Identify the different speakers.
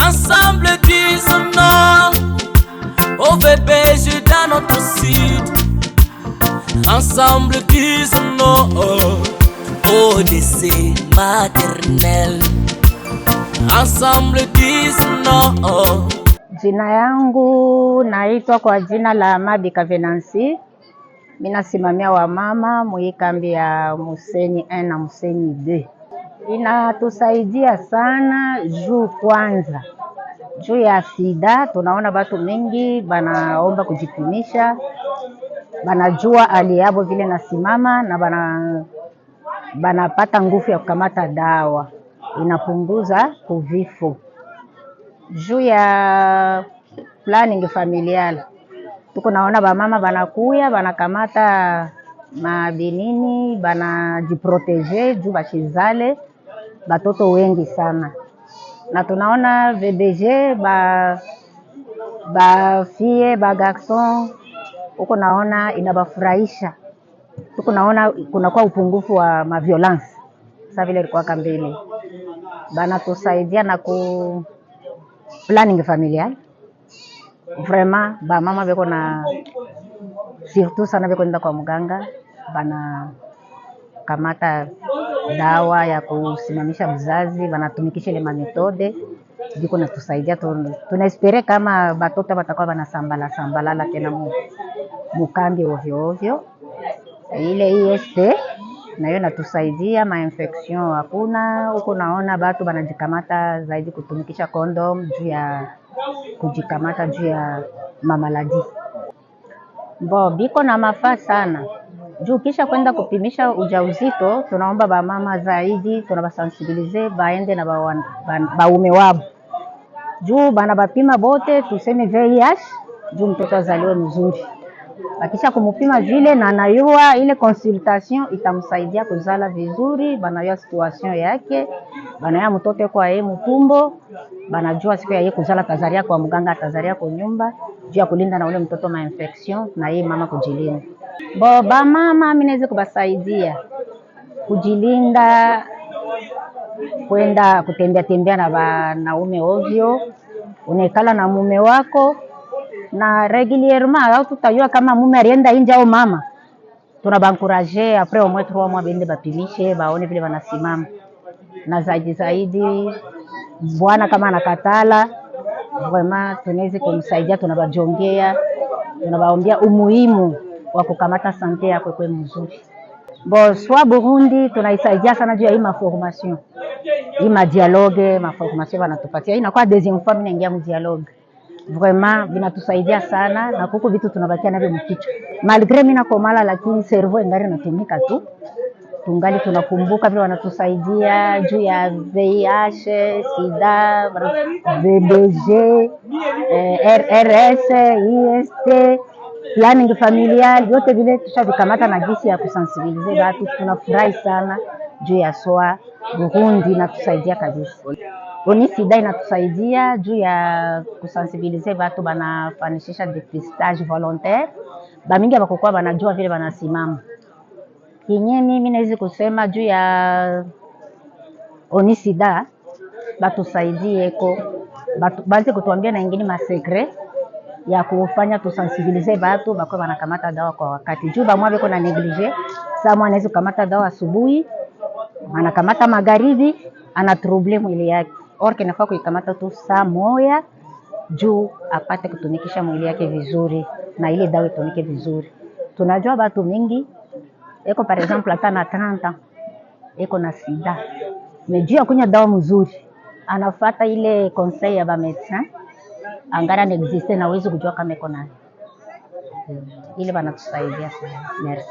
Speaker 1: ensemble du non Au bébé, je dans notre sud, ensemble du non Au lycée maternel, ensemble du non.
Speaker 2: Jina yangu naitwa kwa jina la Mabi Kavenansi. Mimi nasimamia wamama mwikambi ya Musenyi 1 na Musenyi 2. inatusaidia sana juu kwanza juu ya sida, tunaona watu mingi banaomba kujipimisha, banajua hali yabo vile nasimama na bana banapata nguvu ya kukamata dawa, inapunguza kuvifo. Juu ya planning familial, tuko naona bamama banakuya banakamata mabinini banajiproteje juu bashizale batoto wengi sana, na tunaona VBG ba bafie bagarson huko, naona inabafurahisha huko, naona kunakuwa upungufu wa maviolence sa vile ilikuwa mbele, banatusaidia na ku planning familial vraiment ba mama beko na surtout sana beko nenda kwa mganga bana kamata dawa ya kusimamisha mzazi, wanatumikisha ile mametode jiko natusaidia. Tunaespere kama batoto batakuwa banasambala sambalala tena mukambi ovyo ovyo, ile IST nayo natusaidia, mainfection hakuna huko. Naona batu banajikamata zaidi kutumikisha kondom juu ya kujikamata juu ya mamaladi bo biko na mafaa sana juu kisha kwenda kupimisha ujauzito, tunaomba bamama zaidi tunabasansibilize baende na baume ba, ba wabo juu bana bapima bote tuseme VIH juu mtoto azaliwe mzuri. Bakisha kumupima vile na anayua ile consultation itamsaidia kuzala vizuri, banayua situation yake, banayua mtoto kwa aye mutumbo, banajua siku yaye kuzala tazaria kwa mganga, tazaria kwa nyumba, juu ya kulinda na ule mtoto ma infection na yeye mama kujilinda. Bo bamama, mimi naweza kubasaidia kujilinda, kwenda kutembea tembea na wanaume ovyo, unekala na mume wako na regulierement tutajua kama mume alienda inje au mama, tunabankuraje apres omwe trois mois baende bapimishe baone vile wanasimama, na zaidi zaidi bwana kama anakatala vrema, tunawezi kumsaidia, tunabajongea, tunabaombia umuhimu wa kukamata sante yako kwe mzuri. Bo swa Burundi tunaisaidia sana juu ya hii maformation hii madialoge, maformation wanatupatia inakuwa deuxième fois mimi naingia mdialogue vraiment vinatusaidia sana, na kuku vitu tunabakia navyo mkichwa malgre mimi komala lakini servo ingari natumika tu, tungali tunakumbuka vile wanatusaidia juu ya VIH, SIDA, VBG, eh, RS, IST planning familial yote vile tushavikamata na jinsi ya kusensibilize watu. Tunafurahi sana juu ya SOA Burundi, natusaidia kabisa oni inatusaidia juu ya kusensibilize watu banafanishisha depistage volontaire, bamingi abakokuwa banajua vile banasimama kinye. Mimi nawezi kusema juu ya oni batusaidieko, baze kutuambia na ingini masekre ya kufanya tusensibilize watu bakwe banakamata dawa kwa wakati, juu bamwa beko na neglige samu, anaweza kukamata dawa asubuhi, anakamata magharibi, ana trouble mwili yake orke nafaa kuikamata tu saa moya juu apate kutumikisha mwili yake vizuri na ile dawa itumike vizuri. Tunajua batu mingi eko par exemple hata na 30 eko na sida mejuu ya kunywa dawa mzuri, anafata ile conseil ya ba angara nexiste na wezi kujua kama eko nayo ile, banatusaidia sana. Merci.